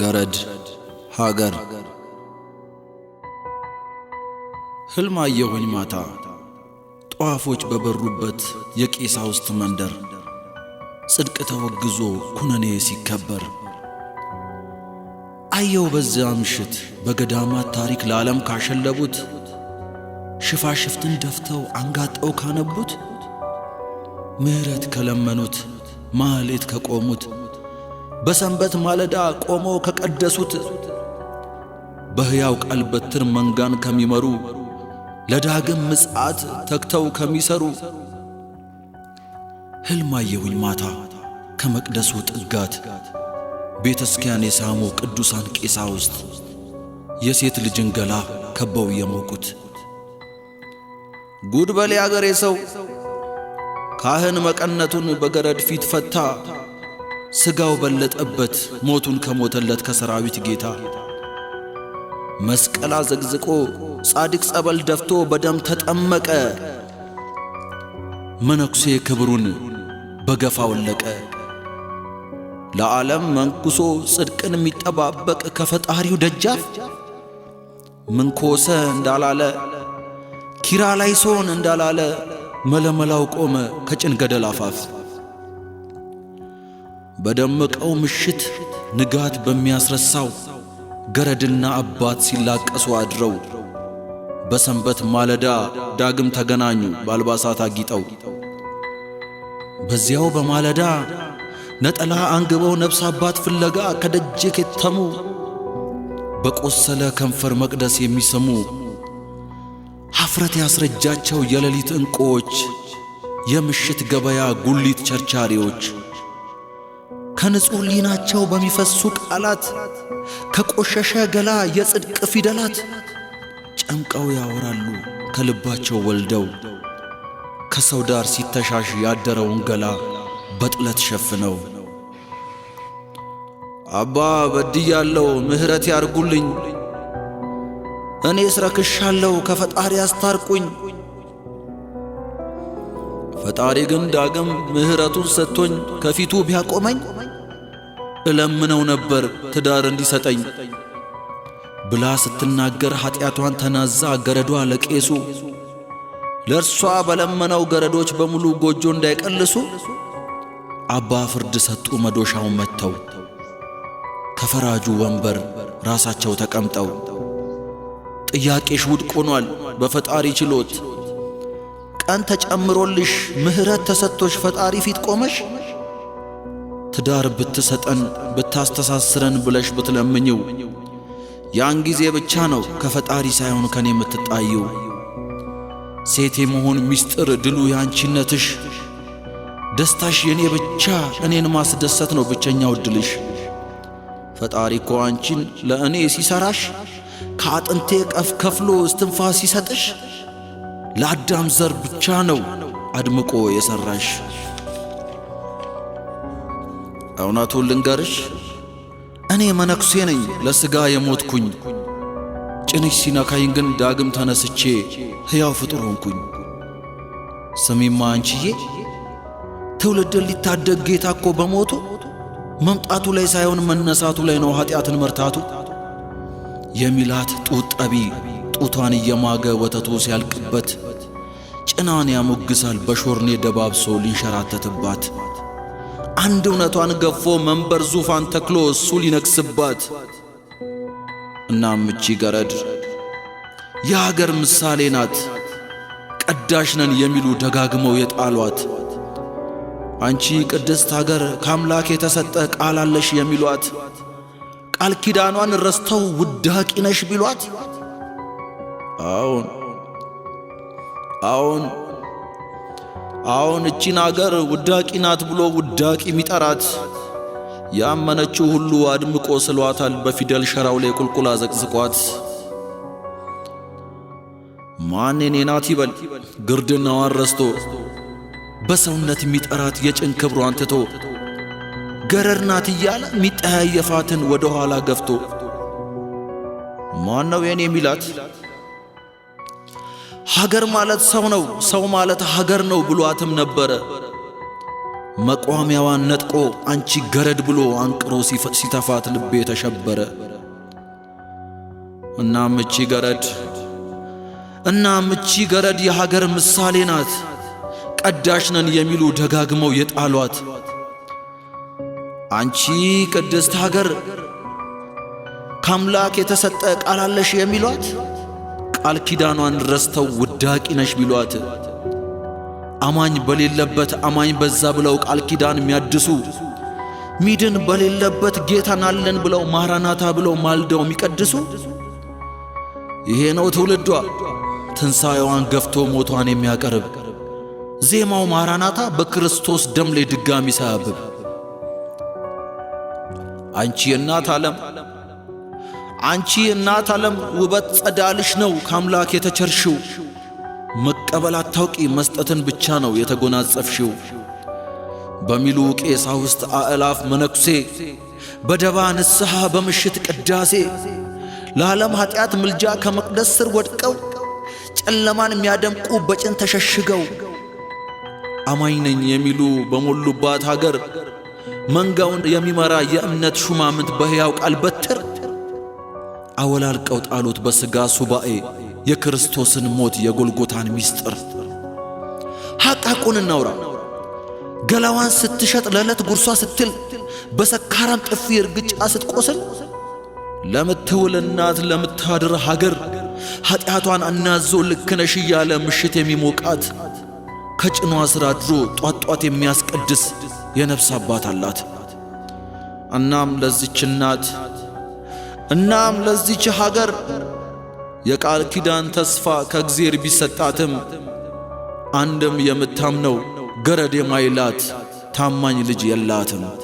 ገረድ ሀገር ህልም አየሁኝ ማታ ጠዋፎች በበሩበት ውስጥ መንደር ጽድቅ ተወግዞ ኩነኔ ሲከበር አየው በዚያ ምሽት በገዳማት ታሪክ ለዓለም ካሸለቡት ሽፋሽፍትን ደፍተው አንጋጠው ካነቡት ምሕረት ከለመኑት ማሌት ከቆሙት በሰንበት ማለዳ ቆመው ከቀደሱት በሕያው ቃል በትር መንጋን ከሚመሩ ለዳግም ምጽአት ተግተው ከሚሰሩ ሕልም አየሁኝ ማታ ከመቅደሱ ጥጋት ቤተስኪያን የሳሙ ቅዱሳን ቄሳ ውስጥ የሴት ልጅን ገላ ከበው የሞቁት ጉድበሌ አገሬ ሰው ካህን መቀነቱን በገረድ ፊት ፈታ ሥጋው በለጠበት ሞቱን ከሞተለት ከሰራዊት ጌታ መስቀል አዘግዝቆ ጻድቅ ጸበል ደፍቶ በደም ተጠመቀ። መነኩሴ ክብሩን በገፋ ወለቀ። ለዓለም መንኩሶ ጽድቅን የሚጠባበቅ ከፈጣሪው ደጃፍ ምንኮሰ እንዳላለ ኪራ ላይ ሶን እንዳላለ መለመላው ቆመ ከጭን ገደል አፋፍ በደመቀው ምሽት ንጋት በሚያስረሳው ገረድና አባት ሲላቀሱ አድረው በሰንበት ማለዳ ዳግም ተገናኙ በአልባሳት አጊጠው። በዚያው በማለዳ ነጠላ አንግበው ነፍስ አባት ፍለጋ ከደጄ ከተሙ በቆሰለ ከንፈር መቅደስ የሚሰሙ ሐፍረት ያስረጃቸው የሌሊት ዕንቁዎች የምሽት ገበያ ጉሊት ቸርቻሪዎች ከንጹሕ ሊናቸው በሚፈሱ ቃላት ከቆሸሸ ገላ የጽድቅ ፊደላት ጨምቀው ያወራሉ ከልባቸው ወልደው ከሰው ዳር ሲተሻሽ ያደረውን ገላ በጥለት ሸፍነው አባ በድያለው ምሕረት ያርጉልኝ እኔ ረክሻለው ከፈጣሪ አስታርቁኝ። ፈጣሪ ግን ዳግም ምሕረቱን ሰጥቶኝ ከፊቱ ቢያቆመኝ እለምነው ነበር ትዳር እንዲሰጠኝ ብላ ስትናገር ኃጢአቷን ተናዛ ገረዷ ለቄሱ ለእርሷ በለመነው ገረዶች በሙሉ ጎጆ እንዳይቀልሱ አባ ፍርድ ሰጡ መዶሻውን መጥተው ከፈራጁ ወንበር ራሳቸው ተቀምጠው ጥያቄሽ ውድቅ ሆኗል በፈጣሪ ችሎት ቀን ተጨምሮልሽ ምሕረት ተሰጥቶሽ ፈጣሪ ፊት ቆመሽ ትዳር ብትሰጠን ብታስተሳስረን ብለሽ ብትለምኝው ያን ጊዜ ብቻ ነው ከፈጣሪ ሳይሆን ከኔ የምትጣየው። ሴት የመሆን ምስጢር ድሉ ያንቺነትሽ፣ ደስታሽ የኔ ብቻ እኔን ማስደሰት ነው ብቸኛው ድልሽ። ፈጣሪ እኮ አንቺን ለእኔ ሲሰራሽ ከአጥንቴ ቀፍ ከፍሎ እስትንፋስ ሲሰጥሽ ለአዳም ዘር ብቻ ነው አድምቆ የሰራሽ። እውነቱን ልንገርሽ፣ እኔ መነኩሴ ነኝ ለሥጋ የሞትኩኝ። ጭንሽ ሲነካኝ ግን ዳግም ተነስቼ ሕያው ፍጡር ሆንኩኝ። ስሚማ አንቺዬ፣ ትውልድን ሊታደግ ጌታ እኮ በሞቱ መምጣቱ ላይ ሳይሆን መነሳቱ ላይ ነው ኀጢአትን መርታቱ። የሚላት ጡት ጠቢ ጡቷን እየማገ ወተቱ ሲያልቅበት ጭናን ያሞግሳል በሾርኔ ደባብሶ ሊንሸራተትባት አንድ እውነቷን ገፎ መንበር ዙፋን ተክሎ እሱ ሊነግስባት። እናም እቺ ገረድ የአገር ምሳሌ ናት፣ ቀዳሽ ነን የሚሉ ደጋግመው የጣሏት። አንቺ ቅድስት አገር ከአምላክ የተሰጠ ቃል አለሽ የሚሏት፣ ቃል ኪዳኗን ረስተው ውዳቂ ነሽ ቢሏት፣ አዎን አዎን አሁን እቺን አገር ውዳቂ ናት ብሎ ውዳቂ የሚጠራት ያመነችው ሁሉ አድምቆ ስሏታል። በፊደል ሸራው ላይ ቁልቁላ ዘቅዝቋት ማን የኔ ናት ይበል ግርድናዋን ረስቶ በሰውነት የሚጠራት የጭን ክብሯን ትቶ ገረር ናት እያለ የሚጠያየፋትን ወደ ኋላ ገፍቶ ማን ነው የኔ የሚላት ሀገር ማለት ሰው ነው፣ ሰው ማለት ሀገር ነው ብሏትም ነበረ። መቋሚያዋን ነጥቆ አንቺ ገረድ ብሎ አንቅሮ ሲተፋት ልቤ ተሸበረ። እናም እቺ ገረድ እናም እቺ ገረድ የሀገር ምሳሌ ናት፣ ቀዳሽ ነን የሚሉ ደጋግመው የጣሏት አንቺ ቅድስት ሀገር ከአምላክ የተሰጠ ቃል አለሽ የሚሏት ቃል ኪዳኗን ረስተው ውዳቂ ነሽ ቢሏት አማኝ በሌለበት አማኝ በዛ ብለው ቃል ኪዳን የሚያድሱ ሚድን በሌለበት ጌታን አለን ብለው ማራናታ ብለው ማልደው የሚቀድሱ ይሄ ነው ትውልዷ። ትንሣኤዋን ገፍቶ ሞቷን የሚያቀርብ ዜማው ማራናታ በክርስቶስ ደም ላይ ድጋሚ ሳያብብ አንቺ የእናት ዓለም አንቺ እናት ዓለም ውበት ጸዳልሽ ነው ከአምላክ የተቸርሽው። መቀበል አታውቂ መስጠትን ብቻ ነው የተጎናጸፍሽው። በሚሉ ቄሳ ውስጥ አእላፍ መነኩሴ በደባ ንስሐ በምሽት ቅዳሴ ለዓለም ኀጢአት ምልጃ ከመቅደስ ስር ወድቀው ጨለማን የሚያደምቁ በጭን ተሸሽገው አማኝ ነኝ የሚሉ በሞሉባት ሀገር መንጋውን የሚመራ የእምነት ሹማምንት በሕያው ቃል በትር አወላልቀው ጣሉት በሥጋ ሱባኤ የክርስቶስን ሞት የጎልጎታን ምስጢር። ሐቃቁን እናውራ። ገላዋን ስትሸጥ ለዕለት ጉርሷ ስትል በሰካራም ጥፊ እርግጫ ስትቆስል ለምትውል እናት ለምታድር ሀገር ኃጢአቷን አናዞ ልክነሽ እያለ ምሽት የሚሞቃት ከጭኗ ሥራ አድሮ ጧጧት የሚያስቀድስ የነፍስ አባት አላት። እናም ለዚች እናት እናም ለዚች ሀገር የቃል ኪዳን ተስፋ ከእግዚአብሔር ቢሰጣትም አንድም የምታምነው ገረድ የማይላት ታማኝ ልጅ የላትም።